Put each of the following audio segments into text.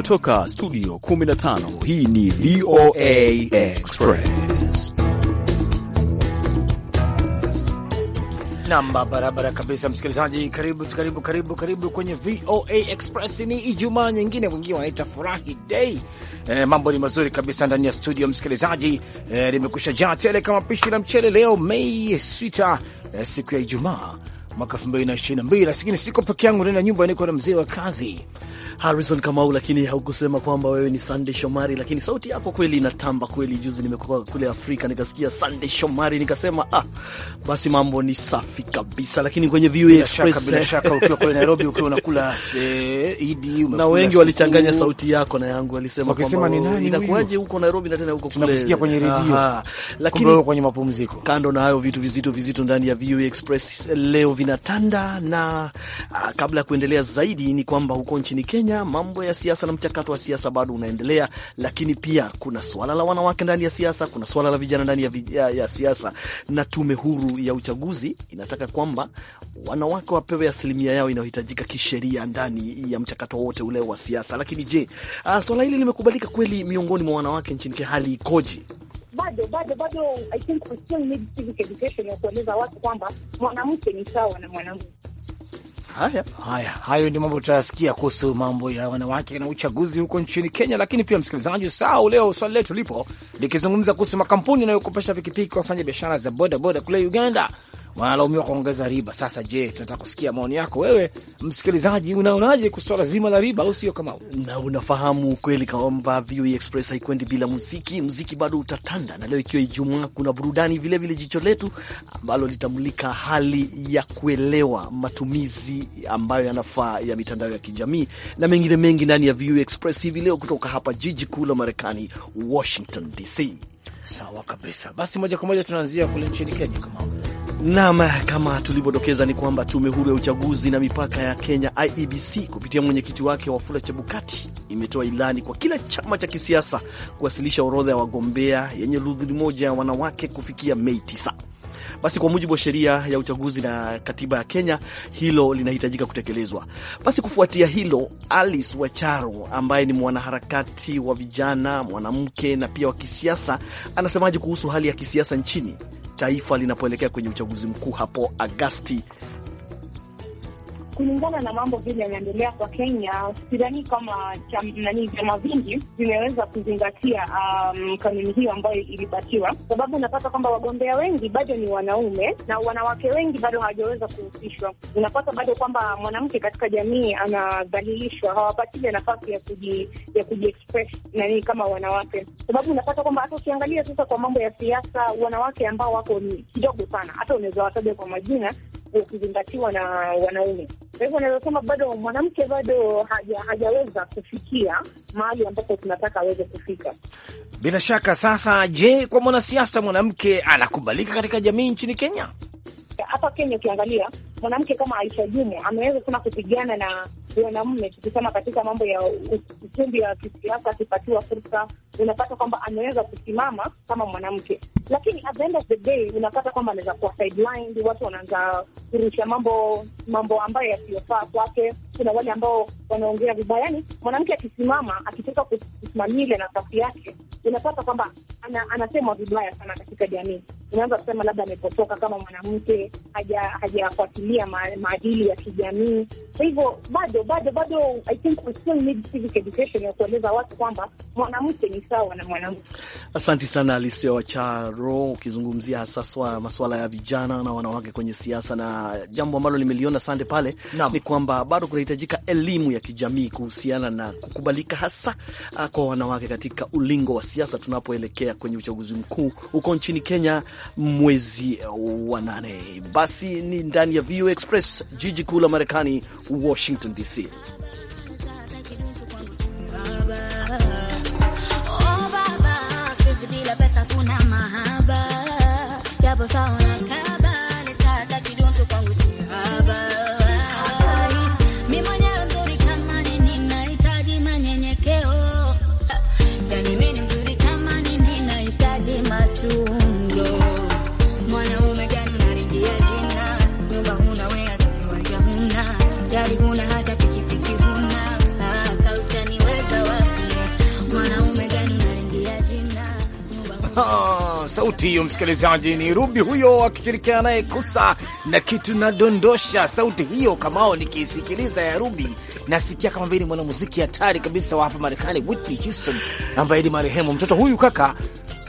kutoka studio 15 hii ni VOA Express namba barabara kabisa msikilizaji karibu karibu karibu karibu kwenye VOA Express ni ijumaa nyingine wengine wanaita furahi dei E, eh, mambo ni mazuri kabisa ndani ya studio msikilizaji, e, eh, limekusha jaa tele kama pishi la mchele. Leo Mei 6, e, siku ya Ijumaa mwaka 2022, lakini siko peke yangu ndani ya nyumba, niko na mzee wa kazi Harrison Kamau, lakini haukusema kwamba wewe ni Sunday Shomari, lakini sauti yako kweli inatamba kweli. Juzi nimekuwa kule Afrika nikasikia Sunday Shomari nikasema ah, basi mambo ni safi kabisa. Lakini kwenye VOA Express bila shaka, ukiwa kule Nairobi ukiwa unakula Idi, na wengi walichanganya sauti yako na yangu, walisema kwamba ni nani, inakuaje huko Nairobi na tena huko kule tunasikia kwenye redio, lakini kwenye mapumziko. Kando na hayo vitu vizito vizito ndani ya VOA Express leo vinatanda, na ah, kabla ya kuendelea zaidi ni kwamba huko nchini Kenya Kenya mambo ya siasa na mchakato wa siasa bado unaendelea, lakini pia kuna swala la wanawake ndani ya siasa, kuna swala la vijana ndani ya, ya, ya siasa, na tume huru ya uchaguzi inataka kwamba wanawake wapewe asilimia yao inayohitajika kisheria ndani ya mchakato wote ule wa siasa. Lakini je, uh, swala hili limekubalika kweli miongoni mwa wanawake nchini Kenya? Hali ikoje? Bado bado bado, I think we still need civic education ya kueleza watu kwamba mwanamke ni sawa na mwanamke Haya haya, hayo ndio mambo tutayasikia kuhusu mambo ya wanawake na uchaguzi huko nchini Kenya. Lakini pia msikilizaji, usahau leo swali letu lipo likizungumza kuhusu makampuni yanayokopesha pikipiki kwa wafanya biashara za bodaboda kule Uganda wanalaumiwa kuongeza riba. Sasa je, tunataka kusikia maoni yako wewe msikilizaji, unaonaje kuhusu zima la riba, au sio? Kama na unafahamu kweli kwamba VOA e Express haikwendi bila muziki. Muziki bado utatanda, na leo ikiwa Ijumaa kuna burudani vilevile, jicho letu ambalo litamulika hali ya kuelewa matumizi ambayo yanafaa ya mitandao ya kijamii na mengine mengi ndani ya VOA e Express hivi leo kutoka hapa jiji kuu la Marekani, Washington DC. Sawa kabisa, basi moja kwa moja tunaanzia kule nchini Kenya kama Naam, kama tulivyodokeza ni kwamba tume huru ya uchaguzi na mipaka ya Kenya IEBC kupitia mwenyekiti wake Wafula Chebukati imetoa ilani kwa kila chama cha kisiasa kuwasilisha orodha ya wagombea yenye rudhuri moja ya wanawake kufikia Mei 9. Basi kwa mujibu wa sheria ya uchaguzi na katiba ya Kenya, hilo linahitajika kutekelezwa. Basi kufuatia hilo, Alice Wacharo ambaye ni mwanaharakati wa vijana, mwanamke na pia wa kisiasa, anasemaje kuhusu hali ya kisiasa nchini taifa linapoelekea kwenye uchaguzi mkuu hapo Agasti kulingana na mambo vile yanaendelea kwa Kenya, sidhani kama nani vyama vingi vimeweza kuzingatia um, kanuni hiyo ambayo ilibatiwa, sababu unapata kwamba wagombea wengi bado ni wanaume na wanawake wengi bado hawajaweza kuhusishwa. Unapata bado kwamba mwanamke katika jamii anadhalilishwa, hawapatile nafasi ya kuji ya kujiexpress nani kama wanawake, sababu unapata kwamba hata ukiangalia sasa kwa mambo ya siasa, wanawake ambao wako ni kidogo sana, hata unaweza wataja kwa majina ukizingatiwa na wanaume. Kwa hivyo naweza sema bado mwanamke bado haja, hajaweza kufikia mahali ambapo tunataka aweze kufika. Bila shaka sasa, je, kwa mwanasiasa mwanamke anakubalika katika jamii nchini Kenya? Afrika. Hapa Kenya ukiangalia mwanamke kama Aisha Jumbe ameweza sana kupigana na wanaume tukisema katika mambo ya ukumbi wa kisiasa, akipatiwa fursa, unapata kwamba ameweza kusimama kama mwanamke, lakini at the end of the day unapata kwamba anaweza kuwa sidelined, watu wanaanza kurusha mambo mambo ambayo yasiyofaa kwake. Kuna wale ambao wanaongea vibaya, yani mwanamke akisimama akitaka kusimamia nafasi yake inapata kwamba anasema vibaya sana katika jamii. Unaanza kusema labda amepotoka kama mwanamke, hajafuatilia maadili ya kijamii. Kwa hivyo bado bado bado, I think we still need civic education ya kueleza watu kwamba mwanamke ni sawa na mwanamke. Asanti sana Alicia Wacharo, ukizungumzia hasa masuala ya vijana na wanawake kwenye siasa, na jambo ambalo limeliona sande pale Naam. ni kwamba bado kunahitajika elimu ya kijamii kuhusiana na kukubalika hasa ah, kwa wanawake katika ulingo wa siasa tunapoelekea kwenye uchaguzi mkuu huko nchini Kenya mwezi wa nane. Basi ni ndani ya VOA Express, jiji kuu la Marekani, Washington DC. Oh, baba, sauti hiyo, msikilizaji, ni Rubi huyo akishirikiana naye Kusa na kitu nadondosha. Sauti hiyo kamao, nikisikiliza ya Rubi nasikia kama vile mwanamuziki hatari kabisa wa hapa Marekani, Whitney Houston, ambaye ni marehemu. Mtoto huyu kaka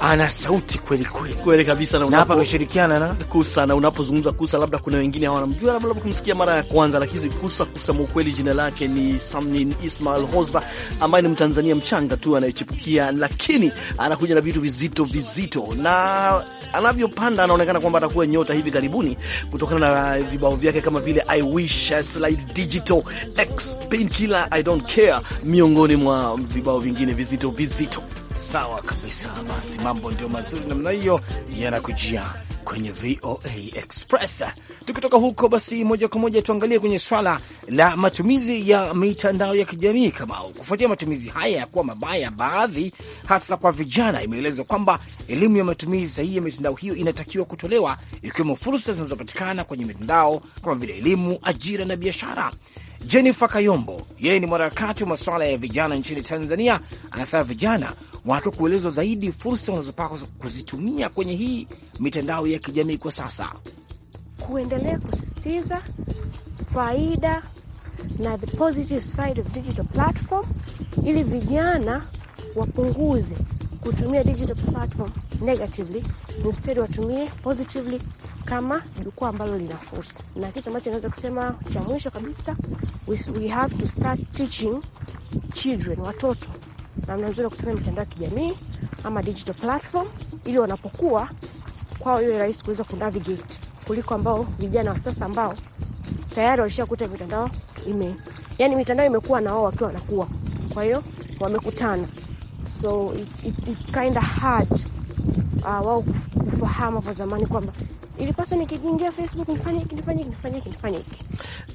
ana sauti kweli kweli kweli kabisa, na hapa na Kusa. Na unapozungumza Kusa, labda kuna wengine mjua, labda kumsikia mara ya kwanza, lakini Kusa Kusa maukweli jina lake ni Samnin Ismail Hoza, ambaye ni Mtanzania mchanga tu anayechipukia, lakini anakuja na vitu vizito vizito, na anavyopanda anaonekana kwamba atakuwa nyota hivi karibuni, kutokana na vibao vyake kama vile I Wish, Slide Digital, X, killer I Don't Care, miongoni mwa vibao vingine vizito vizito. Sawa kabisa, basi mambo ndio mazuri namna hiyo yanakujia kwenye VOA Express. Tukitoka huko, basi moja kwa moja tuangalie kwenye swala la matumizi ya mitandao ya kijamii. Kama kufuatia matumizi haya ya kuwa mabaya, baadhi hasa kwa vijana, imeelezwa kwamba elimu ya matumizi sahihi ya mitandao hiyo inatakiwa kutolewa, ikiwemo fursa zinazopatikana kwenye mitandao kama vile elimu, ajira na biashara. Jennifer Kayombo, yeye ni mwanaharakati wa masuala ya vijana nchini Tanzania, anasema vijana wanatakiwa kuelezwa zaidi fursa wanazopaka kuzitumia kwenye hii mitandao ya kijamii kwa sasa, kuendelea kusisitiza faida na the positive side of digital platform ili vijana wapunguze kutumia digital platform negatively, instead watumie positively kama jukwaa ambalo lina fursa. Na kitu ambacho naweza kusema cha mwisho kabisa, we we have to start teaching children, watoto namna nzuri ya kutumia mitandao ya kijamii ama digital platform, ili wanapokuwa kwao iwe rahisi kuweza kunavigate kuliko ambao vijana wa sasa ambao tayari walishakuta mitandao ime, yani mitandao imekuwa na wao wakiwa wanakuwa, kwa hiyo wamekutana so it's, it's, it's kind of hard uh, wao kufahamu kwa zamani kwamba ilipaswa nikiingia Facebook nifanye hiki nifanye hiki nifanye hiki nifanye hiki.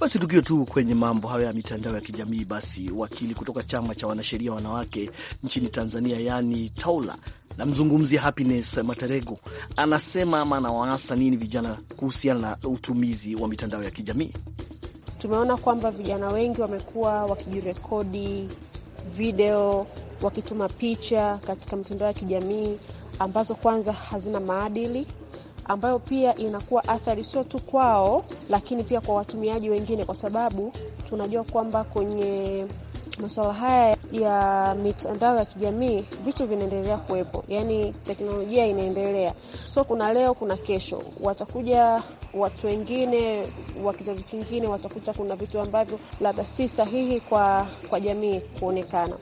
Basi tukiwa tu kwenye mambo hayo ya mitandao ya kijamii, basi wakili kutoka chama cha wanasheria wanawake nchini Tanzania yaani TAWLA namzungumzia Happiness Matarego anasema ama anawaasa nini vijana kuhusiana na utumizi wa mitandao ya kijamii. Tumeona kwamba vijana wengi wamekuwa wakijirekodi video wakituma picha katika mitandao ya kijamii ambazo kwanza hazina maadili ambayo pia inakuwa athari sio tu kwao, lakini pia kwa watumiaji wengine, kwa sababu tunajua kwamba kwenye masuala haya ya mitandao ya kijamii vitu vinaendelea kuwepo, yani teknolojia inaendelea. So kuna leo, kuna kesho, watakuja watu wengine wa kizazi kingine, watakuta kuna vitu ambavyo labda si sahihi kwa, kwa jamii kuonekana.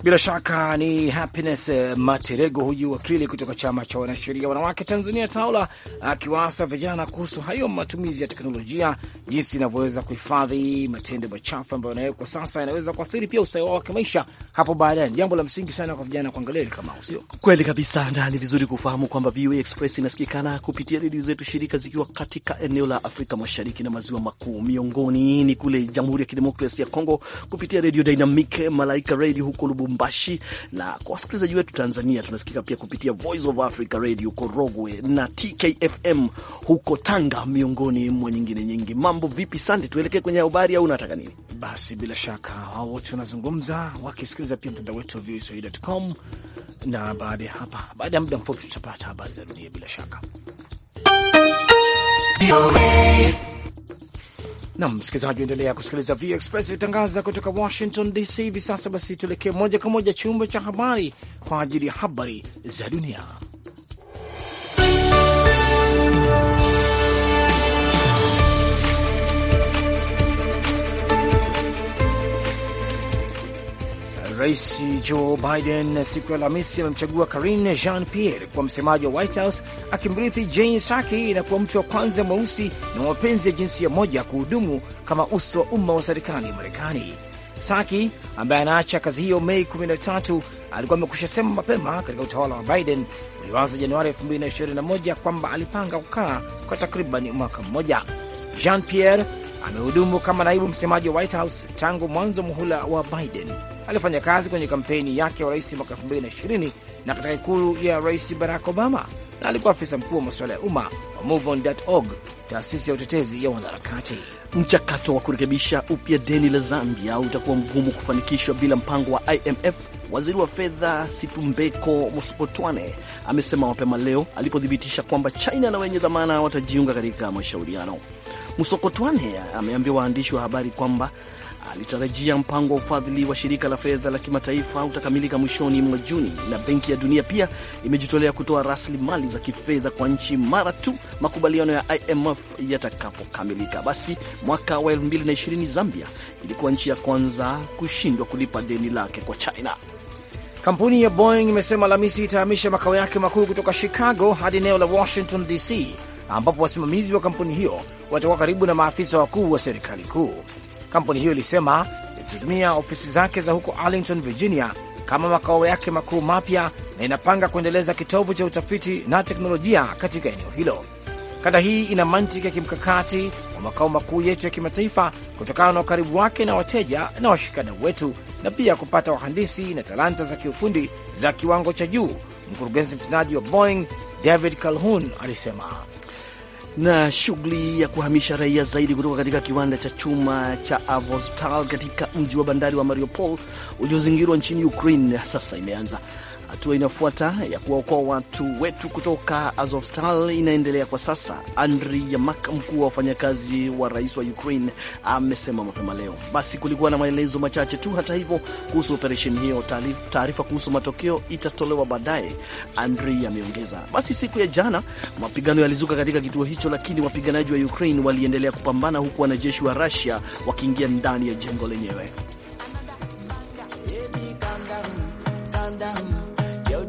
Bila shaka ni Happiness eh, Materego, huyu wakili kutoka chama cha wanasheria wanawake Tanzania TAWLA, akiwaasa vijana kuhusu hayo matumizi ya teknolojia, jinsi inavyoweza kuhifadhi matendo machafu ambayo nayo kwa sasa yanaweza kuathiri pia ustawi wao wa kimaisha hapo baadaye. Ni jambo la msingi sana kwa vijana kuangalia hili, kama sio kweli kabisa, na ni vizuri kufahamu kwamba VOA Express inasikikana kupitia redio zetu shirika zikiwa katika eneo la Afrika Mashariki na Maziwa Makuu, miongoni ni kule Jamhuri ya Kidemokrasia ya Kongo kupitia redio Dynamic Malaika Radio huko Lubu Lubumbashi, na kwa wasikilizaji wetu Tanzania tunasikika pia kupitia Voice of Africa Radio Korogwe na TKFM huko Tanga, miongoni mwa nyingine nyingi. Mambo vipi, Sande? Tuelekee kwenye habari au unataka nini? Basi bila shaka hao wote wanazungumza wakisikiliza pia mtandao wetu wa voaswahili.com, na baada ya hapa, baada ya muda mfupi tutapata habari za dunia bila shaka. Nam msikilizaji, endelea kusikiliza VOA Express ikitangaza kutoka Washington DC hivi sasa. Basi tuelekee moja kwa moja chumba cha habari kwa ajili ya habari za dunia. Rais Joe Biden siku ya Alhamisi amemchagua Karine Jean Pierre kuwa msemaji wa White House, akimrithi Jane Saki na kuwa mtu wa kwanza mweusi na mapenzi ya jinsia moja kuhudumu kama uso wa umma wa serikali ya Marekani. Saki ambaye anaacha kazi hiyo Mei 13 alikuwa amekusha sema mapema katika utawala wa Biden ulioanza Januari 2021 kwamba alipanga kukaa kwa takriban mwaka mmoja. Jean Pierre amehudumu kama naibu msemaji wa White House tangu mwanzo muhula wa Biden alifanya kazi kwenye kampeni yake ya urais mwaka 2020 na katika ikulu ya rais Barack Obama, na alikuwa afisa mkuu wa masuala ya umma wa MoveOn.org, taasisi ya utetezi ya wanaharakati. Mchakato wa kurekebisha upya deni la Zambia utakuwa mgumu kufanikishwa bila mpango wa IMF. Waziri wa fedha Situmbeko Musokotwane amesema mapema leo alipothibitisha kwamba China na wenye dhamana watajiunga katika mashauriano. Musokotwane ameambia waandishi wa habari kwamba alitarajia mpango wa ufadhili wa shirika la fedha la kimataifa utakamilika mwishoni mwa Juni, na Benki ya Dunia pia imejitolea kutoa rasilimali za kifedha kwa nchi mara tu makubaliano ya IMF yatakapokamilika. Basi mwaka wa 2020 Zambia ilikuwa nchi ya kwanza kushindwa kulipa deni lake kwa China. Kampuni ya Boeing imesema Alhamisi itahamisha makao yake makuu kutoka Chicago hadi eneo la Washington DC, ambapo wasimamizi wa kampuni hiyo watakuwa karibu na maafisa wakuu wa serikali kuu. Kampuni hiyo ilisema itatumia ofisi zake za huko Arlington, Virginia kama makao yake makuu mapya na inapanga kuendeleza kitovu cha utafiti na teknolojia katika eneo hilo. Kanda hii ina mantiki ya kimkakati wa makao makuu yetu ya kimataifa kutokana na ukaribu wake na wateja na washikadau wetu, na pia kupata wahandisi na talanta za kiufundi za kiwango cha juu, mkurugenzi mtendaji wa Boeing David Calhoun alisema na shughuli ya kuhamisha raia zaidi kutoka katika kiwanda cha chuma cha avostal katika mji wa bandari wa Mariupol uliozingirwa nchini Ukraine sasa imeanza. Hatua inayofuata ya kuwaokoa watu wetu kutoka Azovstal inaendelea kwa sasa, Andri Yamak, mkuu wa wafanyakazi wa rais wa Ukraine, amesema mapema leo. Basi kulikuwa na maelezo machache tu, hata hivyo, kuhusu operesheni hiyo. Taarifa kuhusu matokeo itatolewa baadaye, Andri ameongeza. Basi siku ya jana mapigano yalizuka katika kituo hicho, lakini wapiganaji wa Ukraine waliendelea kupambana, huku wanajeshi wa Rusia wakiingia ndani ya jengo lenyewe.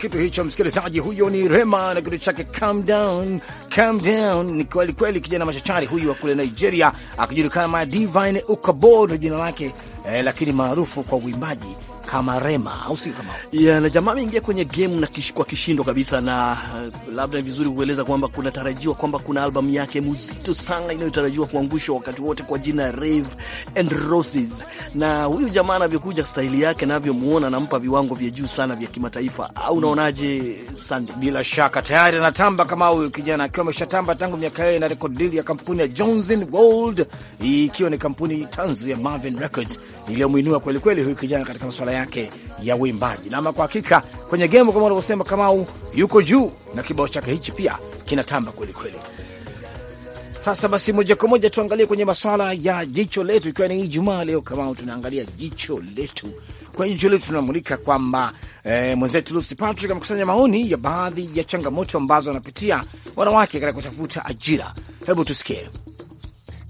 kitu hicho, msikilizaji. Huyo ni Rema na kitu chake calm down, calm down. Ni kweli kweli kijana machachari huyu wa kule Nigeria, akijulikana kama Divine Ukabod jina lake eh, lakini maarufu kwa uimbaji kama Rema, au sio? Kama yeah, na jamaa ameingia kwenye game na kish, kwa kishindo kabisa, na uh, labda ni vizuri kueleza kwamba kuna tarajiwa kwamba kuna albamu yake mzito sana inayotarajiwa kuangushwa wakati wote kwa jina Rave and Roses. Na huyu jamaa anavyokuja, staili yake navyomuona, nampa viwango vya juu sana vya kimataifa, au unaonaje Sandy? Bila shaka tayari anatamba kama huyu kijana akiwa ameshatamba tangu miaka hiyo, na record deal ya kampuni ya Jones and Gold, ikiwa ni kampuni tanzu ya Marvin Records iliyomwinua kweli kweli huyu kijana katika masuala yake ya uimbaji. Na ama kwa hakika kwenye gemu, kama unavyosema Kamau, yuko juu na kibao chake hichi pia kinatamba kwelikweli. Sasa basi, moja kwa moja tuangalie kwenye masuala ya jicho letu, ikiwa ni Ijumaa leo Kamau, tunaangalia jicho letu. Kwenye jicho letu tunamulika kwamba e, mwenzetu Lucy Patrick amekusanya maoni ya baadhi ya changamoto ambazo wanapitia wanawake katika kutafuta ajira. Hebu tusikie.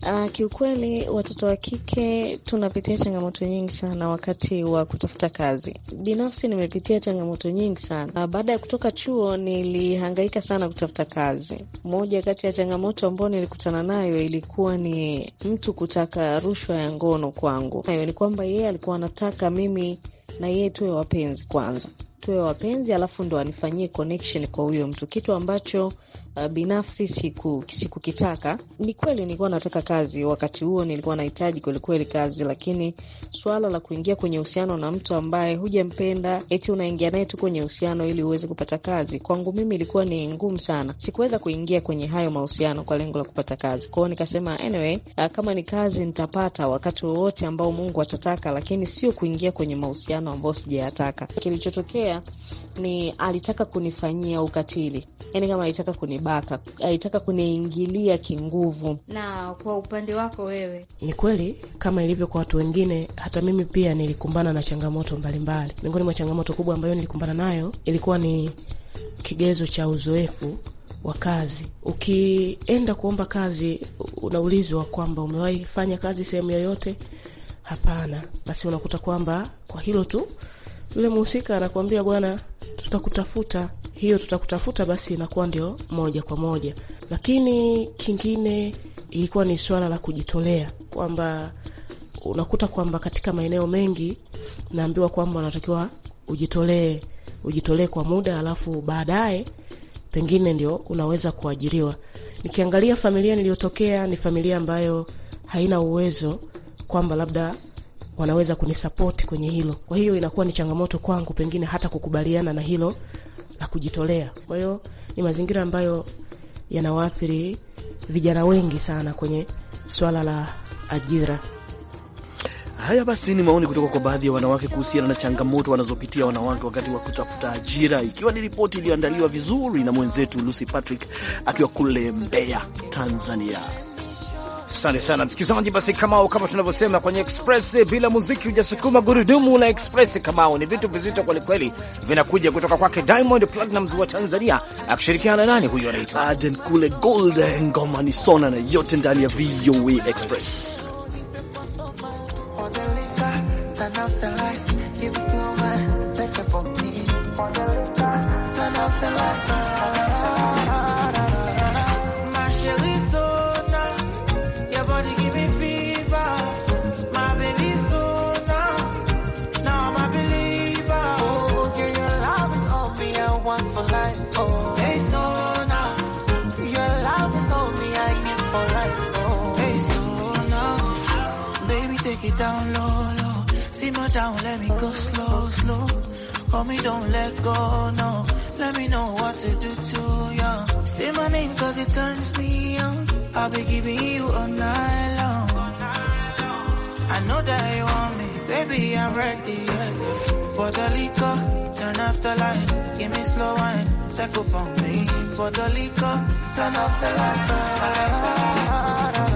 Uh, kiukweli watoto wa kike tunapitia changamoto nyingi sana wakati wa kutafuta kazi. Binafsi nimepitia changamoto nyingi sana. Ah, baada ya kutoka chuo, nilihangaika sana kutafuta kazi. Moja kati ya changamoto ambayo nilikutana nayo ilikuwa ni mtu kutaka rushwa ya ngono kwangu. Hayo ni kwamba yeye alikuwa anataka mimi na yeye tuwe wapenzi kwanza, tuwe wapenzi alafu ndo anifanyie connection kwa huyo mtu, kitu ambacho uh, binafsi siku sikukitaka. Ni kweli nilikuwa nataka kazi wakati huo, nilikuwa nahitaji kwelikweli kazi, lakini swala la kuingia kwenye uhusiano na mtu ambaye hujampenda eti unaingia naye tu kwenye uhusiano ili uweze kupata kazi, kwangu mimi ilikuwa ni ngumu sana. Sikuweza kuingia kwenye hayo mahusiano kwa lengo la kupata kazi. Kwao nikasema anyway, uh, kama ni kazi nitapata wakati wowote ambao Mungu atataka, lakini sio kuingia kwenye mahusiano ambayo sijayataka. Kilichotokea ni alitaka kunifanyia ukatili, yani kama alitaka kuni kunibaka, alitaka kuniingilia kinguvu. Na kwa upande wako wewe? Ni kweli kama ilivyo kwa watu wengine, hata mimi pia nilikumbana na changamoto mbalimbali. Miongoni mwa changamoto kubwa ambayo nilikumbana nayo ilikuwa ni kigezo cha uzoefu wa kazi. Ukienda kuomba kazi, unaulizwa kwamba umewahi fanya kazi sehemu yoyote? Hapana. Basi unakuta kwamba kwa hilo tu yule mhusika anakuambia, bwana, tutakutafuta hiyo tutakutafuta, basi inakuwa ndio moja kwa moja. Lakini kingine ilikuwa ni swala la kujitolea, kwamba unakuta kwamba katika maeneo mengi naambiwa kwamba unatakiwa ujitolee, ujitolee kwa muda, alafu baadaye pengine ndio unaweza kuajiriwa. Nikiangalia familia niliyotokea ni familia ambayo haina uwezo kwamba labda wanaweza kunisapoti kwenye hilo. Kwa hiyo inakuwa ni changamoto kwangu pengine hata kukubaliana na hilo la kujitolea. Kwa hiyo ni mazingira ambayo yanawaathiri vijana wengi sana kwenye swala la ajira. Haya basi, ni maoni kutoka kwa baadhi ya wanawake kuhusiana na changamoto wanazopitia wanawake wakati wa kutafuta ajira, ikiwa ni ripoti iliyoandaliwa vizuri na mwenzetu Lucy Patrick akiwa kule Mbeya, Tanzania. Asante sana msikilizaji. Basi kamau kama tunavyosema kwenye Express, bila muziki hujasukuma gurudumu la Express. kamau ni vitu vizito kwelikweli vinakuja kutoka kwake Diamond Platnumz wa Tanzania akishirikiana nani huyu anaitwa Aden Kule Gold. Ngoma ni sona na yote ndani ya VOA Express. go slow, slow. Homie, don't let go, no. Let me know what to do to ya. Say my name cause it turns me on. I'll be giving you all night long. I know that you want me, baby, I'm ready. Yeah. For the liquor, turn off the light. Give me slow wine, psycho for me. For the liquor, turn off the light.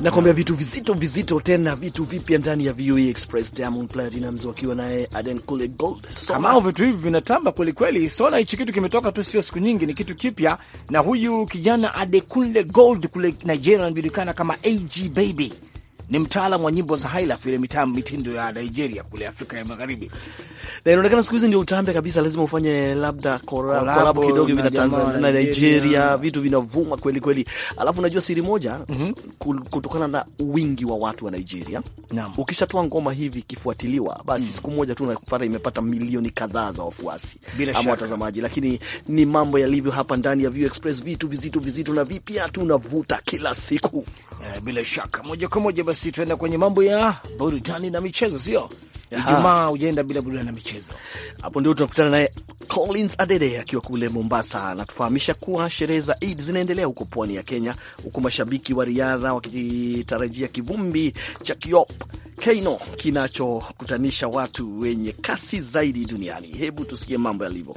nakwambia vitu vizito vizito, tena vitu vipya ndani ya VOA e Express. Diamond Platinumz wakiwa naye Aden kule Gold Kamao, vitu hivi vinatamba kweli kweli. Sona, hichi kitu kimetoka tu sio siku nyingi, ni kitu kipya, na huyu kijana Adekunle Gold kule Nigeria anajulikana kama AG Baby ni mtaalamu wa nyimbo za highlife, ile mitam mitindo ya Nigeria kule Afrika ya Magharibi, na inaonekana siku hizi ndio utambe kabisa, lazima ufanye labda korabu kidogo na Tanzania na Nigeria, vitu vinavuma kweli kweli. Alafu unajua siri moja mm -hmm. kutokana na wingi wa watu wa Nigeria, ukishatoa ngoma hivi ikifuatiliwa, basi mm -hmm. siku moja tu unapata imepata milioni kadhaa za wafuasi ama watazamaji, lakini ni mambo yalivyo hapa ndani ya View Express, vitu vizito vizito na vipya tunavuta kila siku, eh, bila shaka moja kwa moja basi basi tuenda kwenye mambo ya burudani na michezo, sio Ijumaa ujaenda bila burudani na michezo. Hapo ndio tunakutana naye Collins Adede akiwa kule Mombasa, anatufahamisha kuwa sherehe za Eid zinaendelea huko pwani ya Kenya, huku mashabiki wa riadha wakitarajia kivumbi cha Kiop Keino kinachokutanisha watu wenye kasi zaidi duniani. Hebu tusikie mambo yalivyo.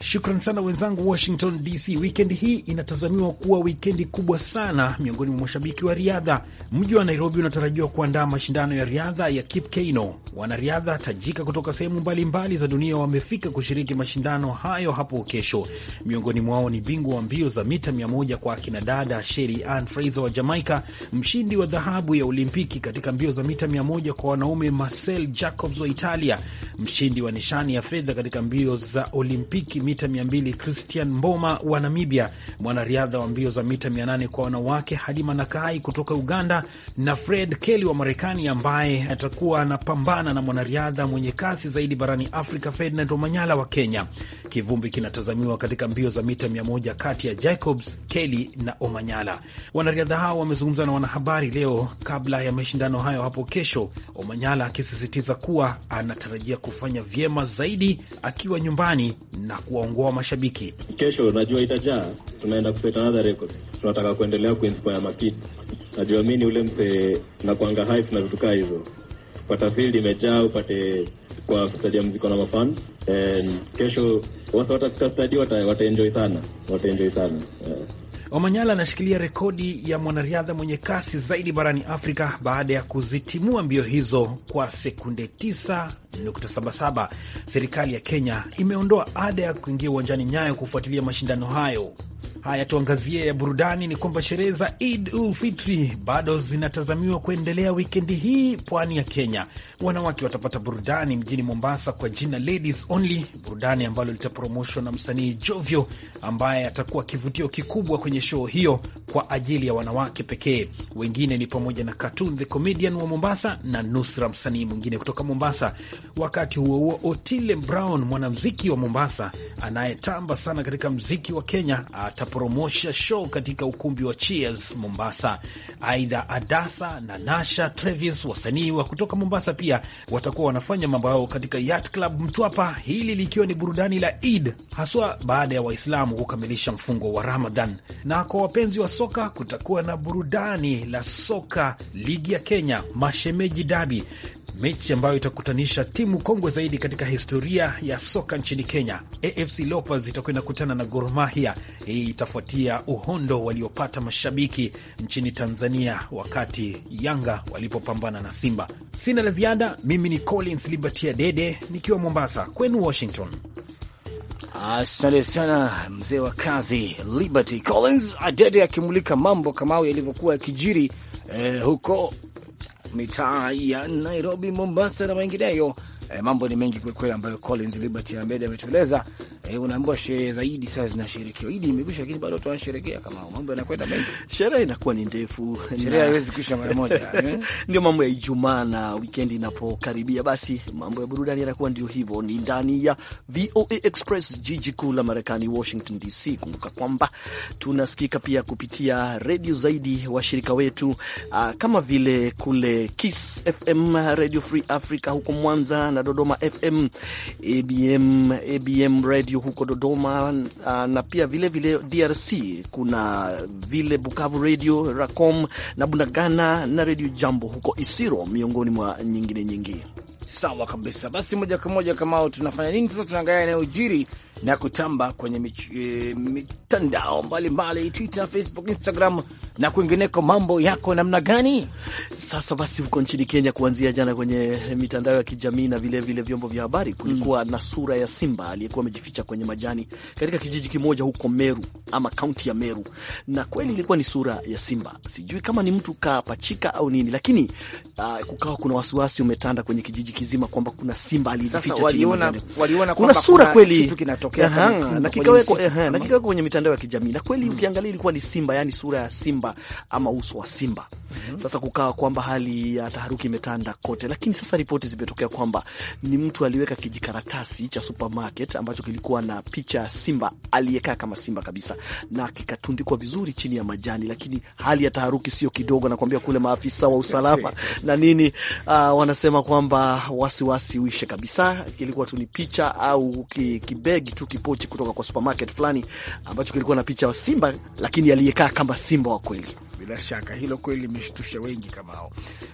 Shukran sana wenzangu Washington DC. Wikendi hii inatazamiwa kuwa wikendi kubwa sana miongoni mwa mashabiki wa riadha. Mji wa Nairobi unatarajiwa kuandaa mashindano ya riadha ya Kipkeino. Wanariadha tajika kutoka sehemu mbalimbali za dunia wamefika kushiriki mashindano hayo hapo kesho. Miongoni mwao ni bingwa wa mbio za mita 100 kwa akinadada Sheri Ann Fraser wa Jamaica, mshindi wa dhahabu ya Olimpiki katika mbio za mita 100 kwa wanaume Marcel Jacobs wa Italia, mshindi wa nishani ya fedha katika mbio za Olimpiki mita 200 Christian Mboma wa Namibia, mwanariadha wa mbio za mita 800 kwa wanawake Halima Nakai kutoka Uganda na Fred Kelly wa Marekani, ambaye atakuwa anapambana na mwanariadha mwenye kasi zaidi barani Afrika Ferdinand Omanyala wa Kenya. Kivumbi kinatazamiwa katika mbio za mita 100 kati ya Jacobs, Kelly na Omanyala. Wanariadha hao wamezungumza na wanahabari leo kabla ya mashindano hayo hapo kesho, Omanyala akisisitiza kuwa anatarajia kufanya vyema zaidi akiwa nyumbani na kuwa kuwaongoa mashabiki. Kesho najua itajaa, tunaenda kuseta another record. Tunataka kuendelea kuinspire makid. Najua mi ni ule msee na hype na vitu kaa hizo, pata field imejaa, upate kwa stadium ziko na mafan. Kesho wasa watafika stadi, wataenjoy sana, wataenjoi sana yeah. Omanyala anashikilia rekodi ya mwanariadha mwenye kasi zaidi barani Afrika baada ya kuzitimua mbio hizo kwa sekunde 9.77. Serikali ya Kenya imeondoa ada ya kuingia uwanjani Nyayo kufuatilia mashindano hayo. Haya, tuangazie ya burudani. Ni kwamba sherehe za Eid ul Fitri bado zinatazamiwa kuendelea wikendi hii pwani ya Kenya. Wanawake watapata burudani mjini Mombasa kwa jina Ladies Only, burudani ambalo litapromoshwa na msanii Jovyo ambaye atakuwa kivutio kikubwa kwenye show hiyo kwa ajili ya wanawake pekee. Wengine ni pamoja na Katun the Comedian wa Mombasa na Nusra, msanii mwingine kutoka Mombasa. Wakati huo huo, Otile Brown mwanamziki wa Mombasa anayetamba sana katika mziki wa Kenya ata kupromosha Show katika ukumbi wa Cheers Mombasa. Aidha, Adasa na Nasha Travis, wasanii wa kutoka Mombasa, pia watakuwa wanafanya mambo yao katika Yacht Club Mtwapa, hili likiwa ni burudani la Eid haswa baada ya Waislamu kukamilisha mfungo wa Ramadhan. Na kwa wapenzi wa soka kutakuwa na burudani la soka ligi ya Kenya, mashemeji dabi mechi ambayo itakutanisha timu kongwe zaidi katika historia ya soka nchini Kenya. AFC Leopards itakwenda kutana na Gor Mahia. Hii itafuatia uhondo waliopata mashabiki nchini Tanzania wakati Yanga walipopambana na Simba. Sina la ziada. Mimi ni Collins Libertia Dede nikiwa Mombasa, kwenu Washington. Asante sana mzee wa kazi Liberty Collins Adede akimulika mambo kamao yalivyokuwa yakijiri eh, huko mitaa ya Nairobi, Mombasa na mengineyo. E, mambo ni mengi kwelikweli ambayo Collins Liberty Ahmed ametueleza eh, unaambiwa sherehe zaidi sasa zinasherekewa. Idi imekwisha, lakini bado watu wanasherekea kama mambo yanakwenda mengi, sherehe inakuwa ni ndefu, sherehe haiwezi kuisha mara moja eh? Ndio mambo ya Ijumaa na wikendi inapokaribia, basi mambo ya burudani yanakuwa ndio hivyo. Ni ndani ya VOA Express, jiji kuu la Marekani, Washington DC. Kumbuka kwamba tunasikika pia kupitia redio zaidi washirika wetu aa, ah, kama vile kule Kiss FM, Radio Free Africa huko Mwanza na Dodoma FM, ABM, ABM Radio matukio huko Dodoma ah, na pia vilevile vile DRC kuna vile Bukavu Radio Racom na Bunagana na Radio Jambo huko Isiro, miongoni mwa nyingine nyingi. Sawa kabisa, basi moja kwa moja, kama tunafanya nini sasa? Tunaangalia yanayojiri na kutamba kwenye mich, e, mitandao mbalimbali, mbali, Twitter, Facebook, Instagram na kwingineko. Mambo yako namna gani sasa? Basi huko nchini Kenya, kuanzia jana kwenye mitandao ya kijamii na vilevile vyombo vya habari, kulikuwa mm. na sura ya simba aliyekuwa amejificha kwenye majani katika kijiji kimoja huko Meru ama kaunti ya Meru, na kweli ilikuwa ni sura ya simba. Sijui kama ni mtu kapachika au nini, lakini uh, kukawa kuna wasiwasi umetanda kwenye kijiji kizima kwamba kuna simba alijificha chini. Waliona Kuna sura kweli kikatokea na kikawekwa kwenye mitandao ya kijamii, na kweli ukiangalia ilikuwa ni simba, yani sura ya simba ama uso wa simba. mm -hmm. Sasa kukawa kwamba hali ya taharuki imetanda kote, lakini sasa ripoti zimetokea kwamba ni mtu aliweka kijikaratasi cha supermarket ambacho kilikuwa na picha ya simba aliyekaa kama simba kabisa, na kikatundikwa vizuri chini ya majani, lakini hali ya taharuki sio kidogo. Nakwambia kule maafisa wa usalama na nini uh, wanasema kwamba wasiwasi uishe kabisa, kilikuwa tu ni picha au kibegi tu kipochi kutoka kwa supermarket fulani ambacho kilikuwa na picha wa simba, lakini aliyekaa kama simba wa kweli. Bila shaka hilo kweli limeshtusha wengi kama hao.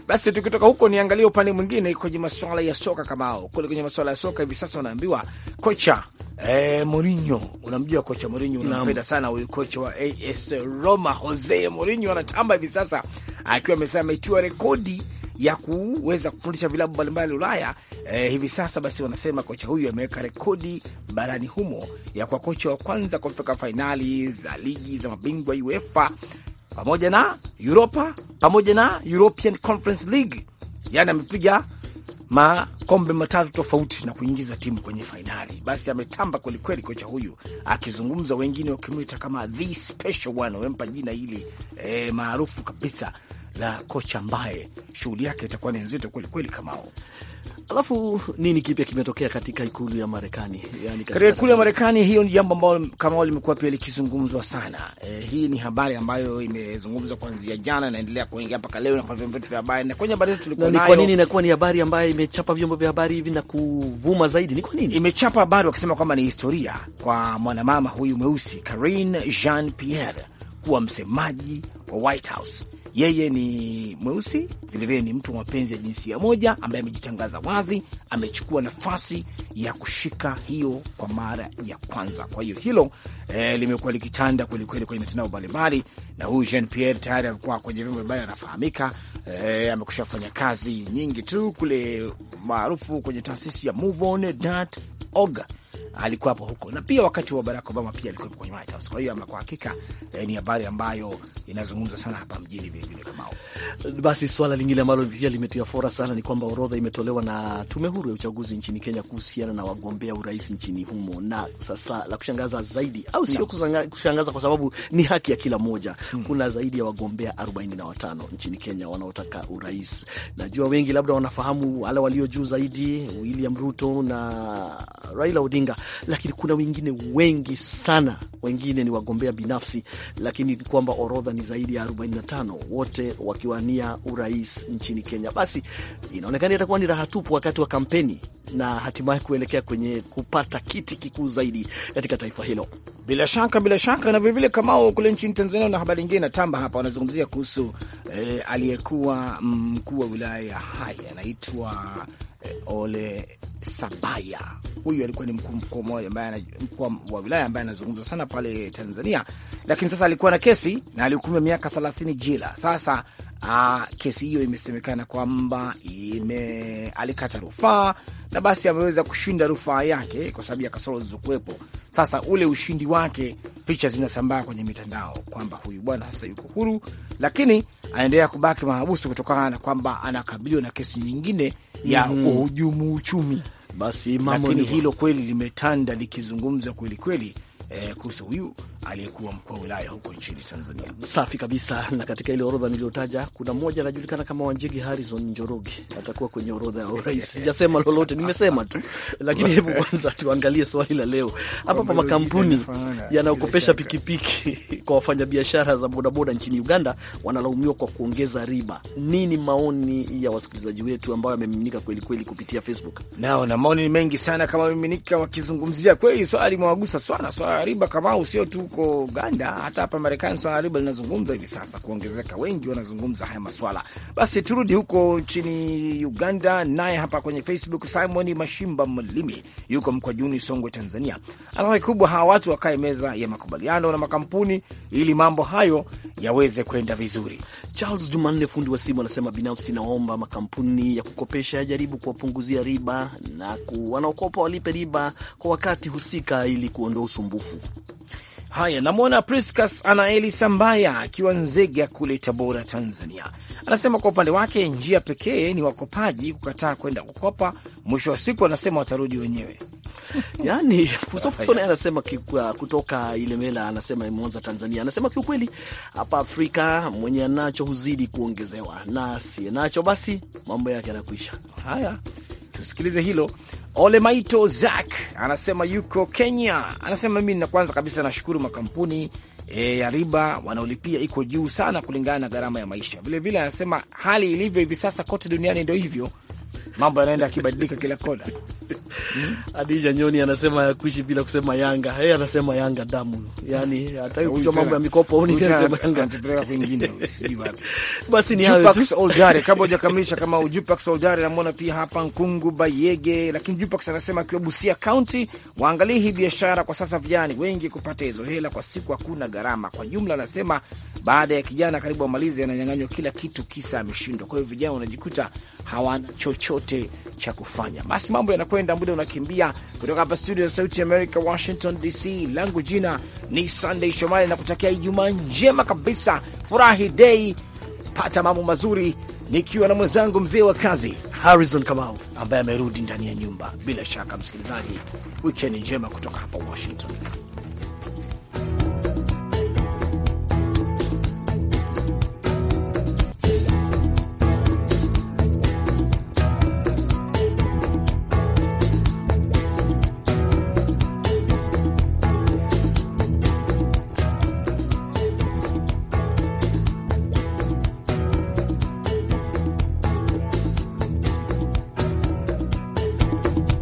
Basi tukitoka huko, niangalie upande mwingine kwenye masuala ya soka kama hao kule kwenye masuala ya soka hivi sasa wanaambiwa kocha eh, Mourinho. Unamjua kocha Mourinho, unampenda sana huyu kocha wa AS Roma Jose Mourinho anatamba hivi sasa akiwa amesema ametua rekodi ya kuweza kufundisha vilabu mbalimbali Ulaya. Eh, hivi sasa basi wanasema kocha huyu ameweka rekodi barani humo ya kwa kocha wa kwanza kufika fainali za ligi za mabingwa UEFA pamoja na Europa pamoja na European Conference League, yani amepiga makombe matatu tofauti na kuingiza timu kwenye fainali. Basi ametamba kwelikweli kocha huyu, akizungumza wengine wakimwita kama the special one, wamempa jina hili e, maarufu kabisa la kocha ambaye shughuli yake itakuwa ni nzito kwelikweli, Kamao. Alafu nini kipya kimetokea katika ikulu ya Marekani? Yani katika ikulu ya Marekani, hiyo ni jambo ambalo kama limekuwa pia likizungumzwa sana. E, hii ni habari ambayo imezungumzwa kuanzia jana, inaendelea kuingia mpaka leo na kwa vyombo vyetu vya habari na kwenye habari zetu tulikuwa nayo. Kwa nini inakuwa ni habari ambayo imechapa vyombo vya habari hivi na kuvuma zaidi? Ni kwa nini imechapa habari, wakisema kwamba ni historia kwa mwanamama huyu mweusi Karine Jean Pierre kuwa msemaji wa White House. Yeye ni mweusi, vilevile ni mtu wa mapenzi ya jinsia moja ambaye amejitangaza wazi, amechukua nafasi ya kushika hiyo kwa mara ya kwanza. Kwa hiyo hilo eh, limekuwa likitanda kwelikweli kwenye mitandao mbalimbali, na huyu Jean Pierre tayari amekuwa kwenye vyombo mbalimbali, anafahamika eh, amekusha fanya kazi nyingi tu kule maarufu kwenye taasisi ya MoveOn.org alikuwapo huko, na pia wakati wa Barack Obama pia alikuwepo kwenye White House. Kwa hiyo ama kwa hakika eh, ni habari ambayo inazungumza sana hapa mjini vilevile. Kama basi, swala lingine ambalo pia limetia fora sana ni kwamba orodha imetolewa na tume huru ya uchaguzi nchini Kenya kuhusiana na wagombea urais nchini humo, na sasa la kushangaza zaidi au sio kushangaza, kwa sababu ni haki ya kila mmoja hmm. Kuna zaidi ya wagombea 45 nchini Kenya wanaotaka urais. Najua wengi labda wanafahamu wale walio juu zaidi, William Ruto na Raila Odinga Raila, lakini kuna wengine wengi sana, wengine ni wagombea binafsi, lakini kwamba orodha ni zaidi ya 45 wote wakiwania urais nchini Kenya. Basi inaonekana itakuwa ni raha tupu wakati wa kampeni na hatimaye kuelekea kwenye kupata kiti kikuu zaidi katika taifa hilo. Bila shaka, bila shaka. Na vilevile Kamao, kule nchini Tanzania na habari nyingine inatamba hapa, wanazungumzia kuhusu eh, aliyekuwa mm, mkuu wa wilaya ya Hai anaitwa eh, Ole Sabaya. Huyu alikuwa ni mkuu mkuu mmoja ambaye mkuu wa wilaya ambaye anazungumza sana pale Tanzania, lakini sasa alikuwa na kesi na alihukumiwa miaka thelathini jela. Sasa aa, ah, kesi hiyo imesemekana kwamba ime alikata rufaa na basi ameweza kushinda rufaa yake kwa sababu ya kasoro zilizokuwepo. Sasa ule ushindi wake, picha zinasambaa kwenye mitandao kwamba huyu bwana sasa yuko huru, lakini anaendelea kubaki mahabusu kutokana na kwamba anakabiliwa na kesi nyingine ya mm -hmm. kuhujumu uchumi basi mambo ni hilo kweli, limetanda likizungumza kweli kweli eh, kuhusu huyu aliyekuwa mkuu wa wilaya huko nchini Tanzania. Safi kabisa. Na katika ile orodha niliyotaja, kuna mmoja anajulikana kama Wanjigi Harrison Njoroge, atakuwa kwenye orodha ya urais. Sijasema lolote, nimesema tu, lakini hebu kwanza tuangalie swali la leo hapa pa makampuni yanayokopesha pikipiki kwa wafanyabiashara za bodaboda nchini Uganda wanalaumiwa kwa kuongeza riba. Nini maoni ya wasikilizaji wetu ambayo yamemiminika kweli kupitia Facebook? Nao na maoni ni mengi sana kama miminika, wakizungumzia kweli swali mwagusa sana swala riba Kamau, sio tu huko Uganda, hata hapa Marekani swala la riba linazungumza hivi sasa kuongezeka, wengi wanazungumza haya maswala. Basi turudi huko nchini Uganda, naye hapa kwenye Facebook Simon Mashimba Mlimi yuko Mkwajuni, Songwe, Tanzania, anawai kubwa hawa watu wakae meza ya makubaliano na makampuni ili mambo hayo yaweze kwenda vizuri. Charles Jumanne, fundi wa simu, anasema binafsi naomba makampuni ya kukopesha yajaribu kuwapunguzia riba na ku wanaokopa walipe riba kwa wakati husika ili kuondoa usumbufu nguvu. Haya, namwona Priscas Anaeli Sambaya akiwa Nzega kule Tabora, Tanzania, anasema kwa upande wake njia pekee ni wakopaji kukataa kwenda kukopa. Mwisho wa siku anasema watarudi wenyewe. Yani Fusofusone anasema uh, kutoka Ilemela, anasema Mwanza, Tanzania, anasema kiukweli, hapa Afrika mwenye anacho huzidi kuongezewa, na nacho basi mambo yake yanakuisha. Haya, tusikilize hilo. Ole Maito Zak anasema yuko Kenya, anasema mimi na kwanza kabisa nashukuru makampuni e, ya riba wanaolipia iko juu sana kulingana na gharama ya maisha. Vilevile anasema hali ilivyo hivi sasa kote duniani ndio hivyo, mambo yanaenda yakibadilika kila kona. Adija Nyoni anasema ya kuishi bila kusema Yanga. Yeye anasema Yanga damu, yani hataki hmm. kujua mambo ya mikopo au ni tena Yanga anatupeleka kwingine, Basi ni hayo tu, Oljare, kabla hujakamilisha kama Ujupax Oljare, namwona pia hapa Nkungu Bayege, lakini Jupax anasema akiwa Busia County, waangalie hii biashara kwa sasa, vijana wengi kupata hizo hela kwa siku hakuna gharama. Kwa jumla anasema baada ya kijana karibu amalize ananyang'anywa kila kitu, kisa ameshindwa. Kwa hiyo vijana unajikuta hawana chochote cha kufanya. Basi mambo yanakwenda, muda unakimbia. Kutoka hapa studio ya Sauti ya America, Washington DC, langu jina ni Sunday Shomari na kutakia Ijumaa njema kabisa, furahi dei, pata mambo mazuri, nikiwa na mwenzangu mzee wa kazi Harrison Kamau ambaye amerudi ndani ya nyumba. Bila shaka, msikilizaji, wikendi njema kutoka hapa Washington.